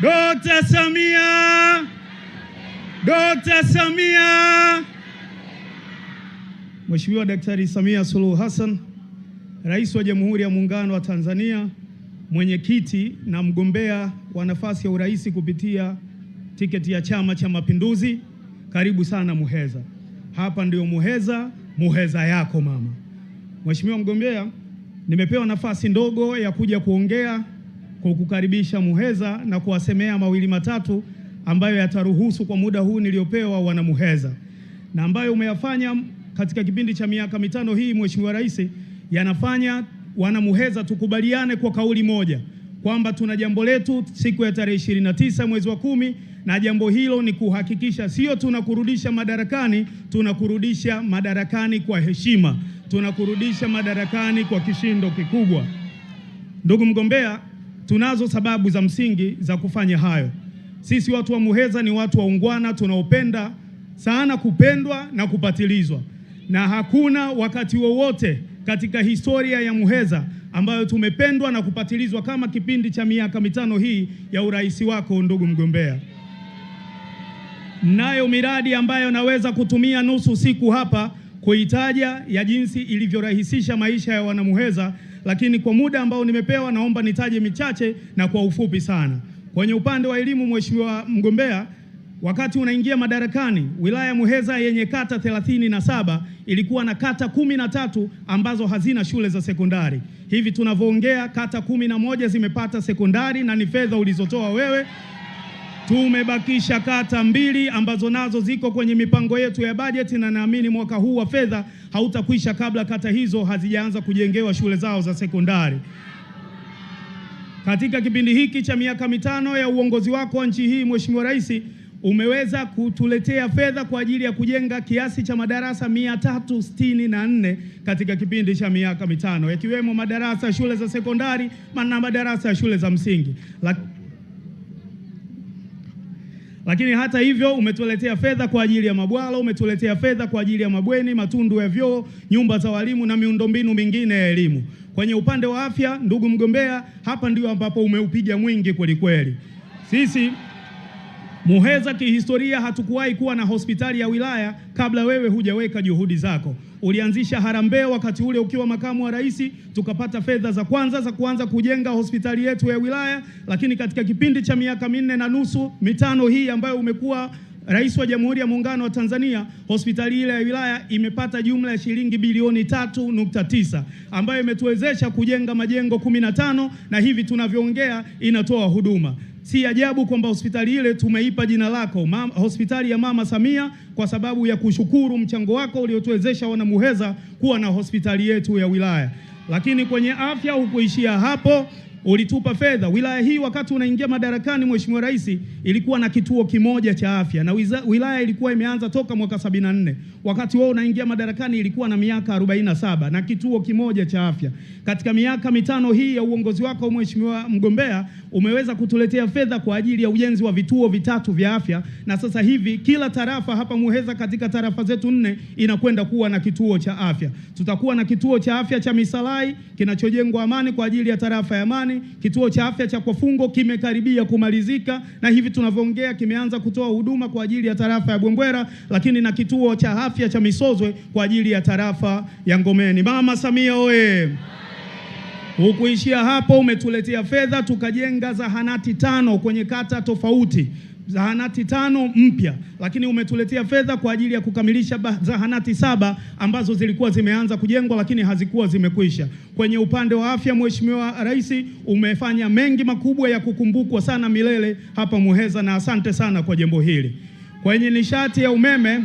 Dr. Samia, Dr. Samia. Mheshimiwa Daktari Samia Suluhu Hassan, Rais wa Jamhuri ya Muungano wa Tanzania, mwenyekiti na mgombea wa nafasi ya urais kupitia tiketi ya Chama cha Mapinduzi, karibu sana Muheza. Hapa ndio Muheza, Muheza yako mama. Mheshimiwa mgombea, nimepewa nafasi ndogo ya kuja kuongea kwa kukaribisha Muheza na kuwasemea mawili matatu ambayo yataruhusu kwa muda huu niliyopewa wana Muheza na ambayo umeyafanya katika kipindi cha miaka mitano hii, Mheshimiwa Rais, yanafanya wana Muheza tukubaliane kwa kauli moja kwamba tuna jambo letu siku ya tarehe ishirini na tisa mwezi wa kumi, na jambo hilo ni kuhakikisha sio tunakurudisha madarakani, tunakurudisha madarakani kwa heshima, tunakurudisha madarakani kwa kishindo kikubwa. Ndugu mgombea Tunazo sababu za msingi za kufanya hayo. Sisi watu wa Muheza ni watu wa ungwana tunaopenda sana kupendwa na kupatilizwa, na hakuna wakati wowote katika historia ya Muheza ambayo tumependwa na kupatilizwa kama kipindi cha miaka mitano hii ya urais wako, ndugu mgombea. Nayo miradi ambayo naweza kutumia nusu siku hapa kuitaja ya jinsi ilivyorahisisha maisha ya wanamuheza lakini kwa muda ambao nimepewa naomba nitaje michache na kwa ufupi sana. Kwenye upande wa elimu, Mheshimiwa mgombea, wakati unaingia madarakani, wilaya Muheza yenye kata thelathini na saba ilikuwa na kata kumi na tatu ambazo hazina shule za sekondari. Hivi tunavyoongea, kata kumi na moja zimepata sekondari na ni fedha ulizotoa wewe Tumebakisha kata mbili ambazo nazo ziko kwenye mipango yetu ya bajeti, na naamini mwaka huu wa fedha hautakwisha kabla kata hizo hazijaanza kujengewa shule zao za sekondari. Katika kipindi hiki cha miaka mitano ya uongozi wako wa nchi hii, Mheshimiwa Rais, umeweza kutuletea fedha kwa ajili ya kujenga kiasi cha madarasa mia na nne katika kipindi cha miaka mitano, yakiwemo madarasa ya shule za sekondari na madarasa ya shule za msingi Laki lakini hata hivyo umetuletea fedha kwa ajili ya mabwalo, umetuletea fedha kwa ajili ya mabweni, matundu ya vyoo, nyumba za walimu na miundombinu mingine ya elimu. Kwenye upande wa afya, ndugu mgombea, hapa ndio ambapo umeupiga mwingi kwelikweli. Sisi Muheza kihistoria hatukuwahi kuwa na hospitali ya wilaya kabla wewe hujaweka juhudi zako. Ulianzisha harambee wakati ule ukiwa makamu wa rais, tukapata fedha za kwanza za kuanza kujenga hospitali yetu ya wilaya, lakini katika kipindi cha miaka minne na nusu mitano hii ambayo umekuwa rais wa Jamhuri ya Muungano wa Tanzania, hospitali ile ya wilaya imepata jumla ya shilingi bilioni tatu nukta tisa ambayo imetuwezesha kujenga majengo kumi na tano na hivi tunavyoongea inatoa huduma. Si ajabu kwamba hospitali ile tumeipa jina lako mama, hospitali ya Mama Samia, kwa sababu ya kushukuru mchango wako uliotuwezesha wanamuheza kuwa na hospitali yetu ya wilaya. Lakini kwenye afya hukuishia hapo ulitupa fedha. Wilaya hii wakati unaingia madarakani Mheshimiwa Rais ilikuwa na kituo kimoja cha afya na wiza, wilaya ilikuwa imeanza toka mwaka 74. Wakati wao unaingia madarakani ilikuwa na miaka 47 na kituo kimoja cha afya. Katika miaka mitano hii ya uongozi wako Mheshimiwa mgombea, umeweza kutuletea fedha kwa ajili ya ujenzi wa vituo vitatu vya afya, na sasa hivi kila tarafa hapa Muheza katika tarafa zetu nne inakwenda kuwa na kituo cha afya. Tutakuwa na kituo cha afya cha Misalai kinachojengwa Amani kwa ajili ya tarafa ya Amani Mawe. Kituo cha afya cha Kwafungo kimekaribia kumalizika na hivi tunavyoongea kimeanza kutoa huduma kwa ajili ya tarafa ya Bwembwera, lakini na kituo cha afya cha Misozwe kwa ajili ya tarafa ya Ngomeni. Mama Samia oye! Hukuishia hapo, umetuletea fedha tukajenga zahanati tano kwenye kata tofauti zahanati tano mpya, lakini umetuletea fedha kwa ajili ya kukamilisha zahanati saba ambazo zilikuwa zimeanza kujengwa lakini hazikuwa zimekwisha. Kwenye upande wa afya, Mheshimiwa Rais, umefanya mengi makubwa ya kukumbukwa sana milele hapa Muheza, na asante sana kwa jambo hili. Kwenye nishati ya umeme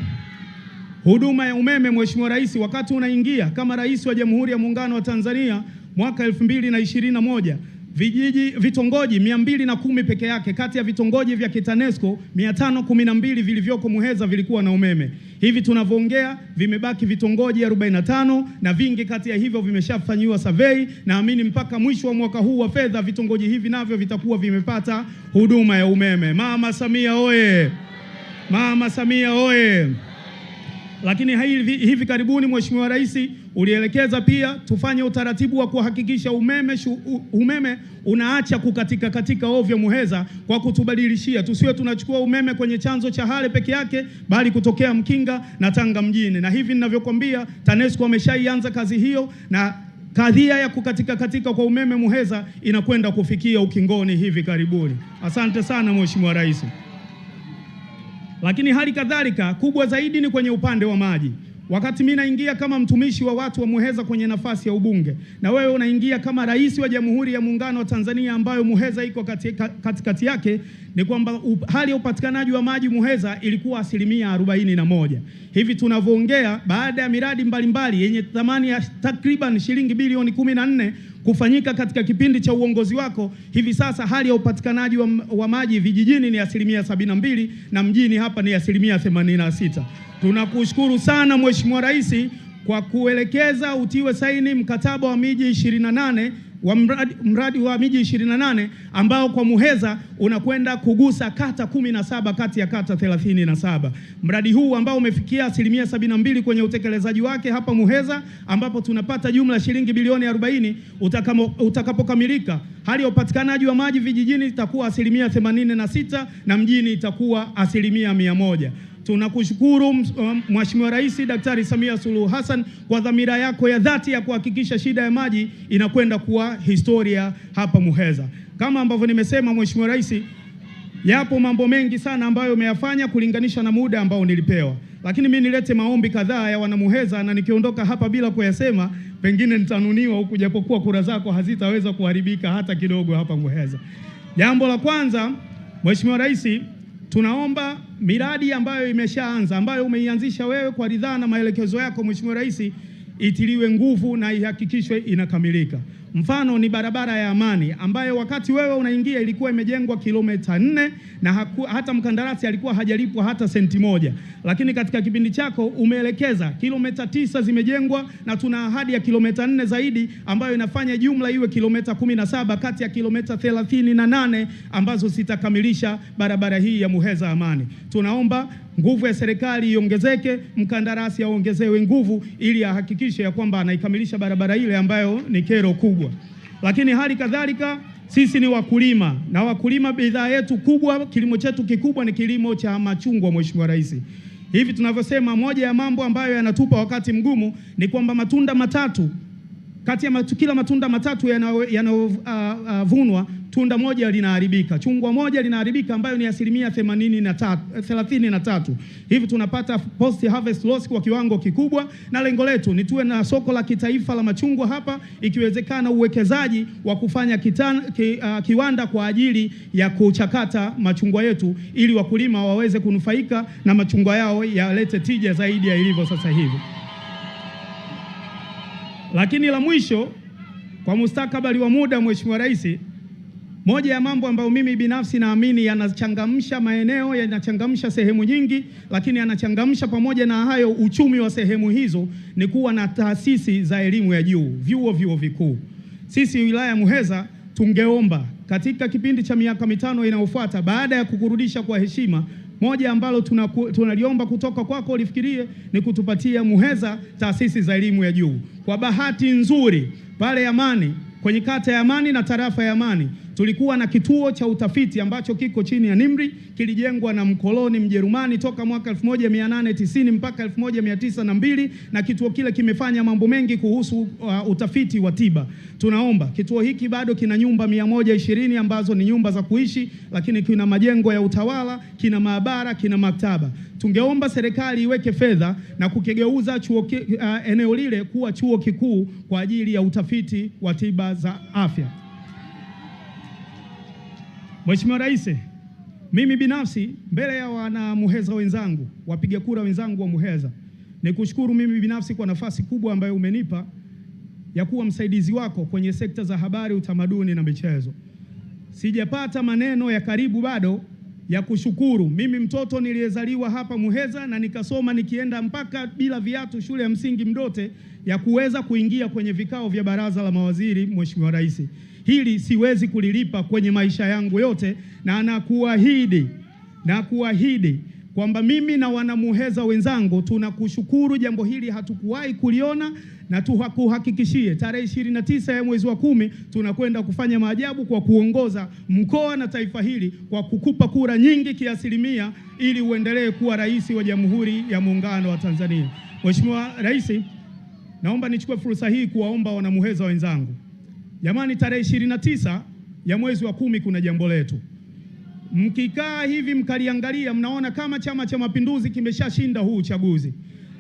huduma ya umeme, Mheshimiwa Rais, wakati unaingia kama Rais wa Jamhuri ya Muungano wa Tanzania mwaka 2021 vijiji vitongoji mia mbili na kumi peke yake kati ya vitongoji vya Kitanesco mia tano kumi na mbili vilivyoko Muheza vilikuwa na umeme. Hivi tunavyoongea vimebaki vitongoji 45 na vingi kati ya hivyo vimeshafanyiwa survey. Naamini mpaka mwisho wa mwaka huu wa fedha vitongoji hivi navyo vitakuwa vimepata huduma ya umeme. Mama Samia oye! Mama Samia oye! Lakini hivi, hivi karibuni Mheshimiwa Rais ulielekeza pia tufanye utaratibu wa kuhakikisha umeme, shu, umeme unaacha kukatika katika ovyo Muheza kwa kutubadilishia, tusiwe tunachukua umeme kwenye chanzo cha Hale peke yake, bali kutokea Mkinga na Tanga mjini. Na hivi ninavyokwambia, TANESCO ameshaianza kazi hiyo na kadhia ya kukatika katika kwa umeme Muheza inakwenda kufikia ukingoni hivi karibuni. Asante sana Mheshimiwa Rais. Lakini hali kadhalika kubwa zaidi ni kwenye upande wa maji. Wakati mimi naingia kama mtumishi wa watu wa Muheza kwenye nafasi ya ubunge, na wewe unaingia kama rais wa Jamhuri ya Muungano wa Tanzania ambayo Muheza iko katikati kati kati yake, ni kwamba hali ya upatikanaji wa maji Muheza ilikuwa asilimia arobaini na moja. Hivi tunavyoongea, baada ya miradi mbalimbali yenye thamani ya takriban shilingi bilioni kumi na nne kufanyika katika kipindi cha uongozi wako. Hivi sasa hali ya upatikanaji wa, wa maji vijijini ni asilimia sabini na mbili na mjini hapa ni asilimia themanini na sita. Tunakushukuru sana Mheshimiwa Rais kwa kuelekeza utiwe saini mkataba wa miji 28 wa mradi, mradi wa miji 28 ambao kwa Muheza unakwenda kugusa kata 17 kati ya kata 37. Mradi huu ambao umefikia asilimia 72 kwenye utekelezaji wake hapa Muheza, ambapo tunapata jumla shilingi bilioni 40 utakapokamilika, hali ya upatikanaji wa maji vijijini itakuwa asilimia 86 na mjini itakuwa asilimia 100. Tunakushukuru Mheshimiwa Rais Daktari Samia Suluhu Hassan kwa dhamira yako ya dhati ya kuhakikisha shida ya maji inakwenda kuwa historia hapa Muheza. Kama ambavyo nimesema, Mheshimiwa Rais, yapo mambo mengi sana ambayo umeyafanya kulinganisha na muda ambao nilipewa, lakini mi nilete maombi kadhaa ya wanamuheza, na nikiondoka hapa bila kuyasema pengine nitanuniwa huku, japokuwa kura zako hazitaweza kuharibika hata kidogo hapa Muheza. Jambo la kwanza, Mheshimiwa Rais Tunaomba miradi ambayo imeshaanza ambayo umeianzisha wewe kwa ridhaa na maelekezo yako Mheshimiwa Rais itiliwe nguvu na ihakikishwe inakamilika. Mfano ni barabara ya Amani ambayo wakati wewe unaingia ilikuwa imejengwa kilomita nne na haku, hata mkandarasi alikuwa hajalipwa hata senti moja, lakini katika kipindi chako umeelekeza kilomita tisa zimejengwa na tuna ahadi ya kilomita nne zaidi ambayo inafanya jumla iwe kilomita kumi na saba kati ya kilomita thelathini na nane ambazo zitakamilisha barabara hii ya Muheza Amani. Tunaomba nguvu ya serikali iongezeke, mkandarasi aongezewe nguvu ili ahakikishe ya kwamba anaikamilisha barabara ile ambayo ni kero kubwa. Lakini hali kadhalika sisi ni wakulima na wakulima, bidhaa yetu kubwa, kilimo chetu kikubwa ni kilimo cha machungwa, Mheshimiwa Rais. Hivi tunavyosema, moja ya mambo ambayo yanatupa wakati mgumu ni kwamba matunda matatu kati ya matu, kila matunda matatu yanayovunwa uh, uh, tunda moja linaharibika, chungwa moja linaharibika, ambayo ni asilimia themanini na tatu, thelathini na tatu. Hivi tunapata post harvest loss kwa kiwango kikubwa, na lengo letu ni tuwe na soko la kitaifa la machungwa hapa, ikiwezekana uwekezaji wa kufanya kitan, ki, uh, kiwanda kwa ajili ya kuchakata machungwa yetu ili wakulima waweze kunufaika na machungwa yao yalete tija zaidi ya ilivyo sasa hivi. Lakini la mwisho, kwa mustakabali wa muda, Mheshimiwa Rais moja ya mambo ambayo mimi binafsi naamini yanachangamsha maeneo, yanachangamsha sehemu nyingi, lakini yanachangamsha pamoja na hayo uchumi wa sehemu hizo ni kuwa na taasisi za elimu ya juu, vyuo, vyuo vikuu. Sisi wilaya ya Muheza tungeomba katika kipindi cha miaka mitano inayofuata baada ya kukurudisha kwa heshima moja ambalo tunaliomba kutoka kwako ulifikirie ni kutupatia Muheza taasisi za elimu ya juu. Kwa bahati nzuri pale Amani, kwenye kata ya Amani na tarafa ya Amani Tulikuwa na kituo cha utafiti ambacho kiko chini ya NIMRI, kilijengwa na mkoloni Mjerumani toka mwaka 1890 mpaka 1902, na kituo kile kimefanya mambo mengi kuhusu uh, utafiti wa tiba. Tunaomba kituo hiki bado kina nyumba 120 ambazo ni nyumba za kuishi, lakini kina majengo ya utawala, kina maabara, kina maktaba. Tungeomba serikali iweke fedha na kukigeuza chuo uh, eneo lile kuwa chuo kikuu kwa ajili ya utafiti wa tiba za afya. Mheshimiwa Rais, mimi binafsi mbele ya wanamuheza wenzangu, wapiga kura wenzangu wa Muheza, nikushukuru mimi binafsi kwa nafasi kubwa ambayo umenipa ya kuwa msaidizi wako kwenye sekta za habari, utamaduni na michezo. Sijapata maneno ya karibu bado ya kushukuru. Mimi mtoto niliyezaliwa hapa Muheza na nikasoma nikienda mpaka bila viatu shule ya msingi Mdote ya kuweza kuingia kwenye vikao vya baraza la mawaziri, Mheshimiwa Rais, hili siwezi kulilipa kwenye maisha yangu yote, na nakuahidi, nakuahidi kwamba mimi na wanamuheza wenzangu tunakushukuru, jambo hili hatukuwahi kuliona, na tuhakuhakikishie tarehe ishirini na tisa ya mwezi wa kumi tunakwenda kufanya maajabu kwa kuongoza mkoa na taifa hili kwa kukupa kura nyingi kiasilimia, ili uendelee kuwa rais wa Jamhuri ya Muungano wa Tanzania. Mheshimiwa Rais, naomba nichukue fursa hii kuwaomba wanamuheza wenzangu, jamani, tarehe ishirini na tisa ya mwezi wa kumi kuna jambo letu Mkikaa hivi mkaliangalia, mnaona kama Chama cha Mapinduzi kimeshashinda huu uchaguzi.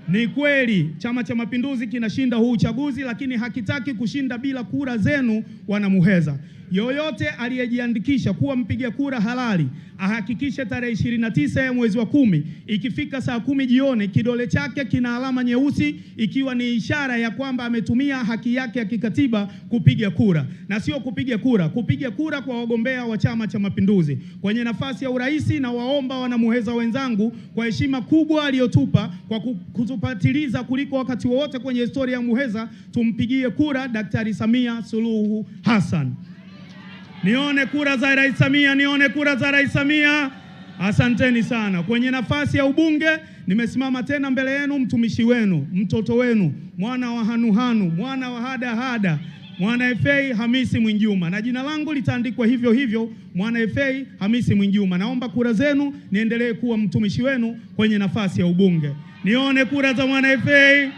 Ni kweli Chama cha Mapinduzi kinashinda huu uchaguzi, lakini hakitaki kushinda bila kura zenu, wanamuheza. Yoyote aliyejiandikisha kuwa mpiga kura halali ahakikishe tarehe 29 ya mwezi wa kumi ikifika saa kumi jioni kidole chake kina alama nyeusi, ikiwa ni ishara ya kwamba ametumia haki yake ya kikatiba kupiga kura, na sio kupiga kura, kupiga kura kwa wagombea wa Chama cha Mapinduzi kwenye nafasi ya urais, na waomba wanamuheza wenzangu kwa heshima kubwa aliyotupa kwa kutupatiliza kuliko wakati wowote kwenye historia ya Muheza, tumpigie kura Daktari Samia Suluhu Hassan. Nione kura za Rais Samia, nione kura za Rais Samia. Asanteni sana. Kwenye nafasi ya ubunge nimesimama tena mbele yenu mtumishi wenu, mtoto wenu, mwana wa hanuhanu, mwana wa hadahada hada. Mwana FA Hamisi Mwinjuma na jina langu litaandikwa hivyo hivyo, Mwana FA Hamisi Mwinjuma. Naomba kura zenu, niendelee kuwa mtumishi wenu kwenye nafasi ya ubunge. Nione kura za Mwana FA.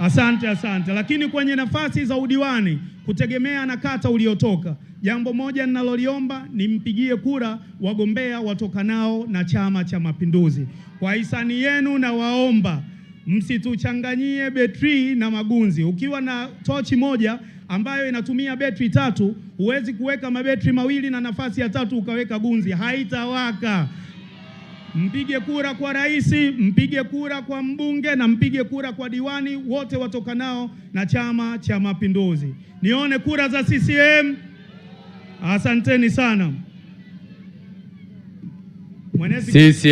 Asante, asante. Lakini kwenye nafasi za udiwani, kutegemea na kata uliotoka, jambo moja ninaloliomba nimpigie kura wagombea watokanao na Chama cha Mapinduzi. Kwa hisani yenu, nawaomba msituchanganyie betri na magunzi. Ukiwa na tochi moja ambayo inatumia betri tatu, huwezi kuweka mabetri mawili na nafasi ya tatu ukaweka gunzi, haitawaka. Mpige kura kwa rais, mpige kura kwa mbunge na mpige kura kwa diwani, wote watokanao na Chama cha Mapinduzi. Nione kura za CCM. Asanteni sana. Mwenezi